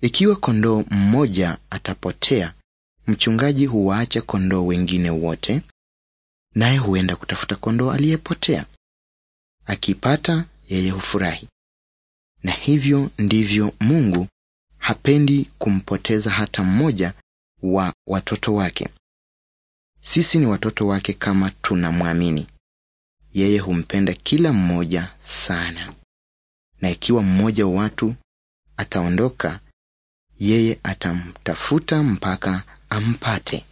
Ikiwa kondoo mmoja atapotea, mchungaji huwaacha kondoo wengine wote, naye huenda kutafuta kondoo aliyepotea. Akipata yeye hufurahi. Na hivyo ndivyo Mungu hapendi kumpoteza hata mmoja wa watoto wake. Sisi ni watoto wake kama tunamwamini. Yeye humpenda kila mmoja sana. Na ikiwa mmoja wa watu ataondoka, yeye atamtafuta mpaka ampate.